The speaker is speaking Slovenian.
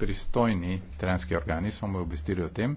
pristojni trenski organi so me obvestili o tem,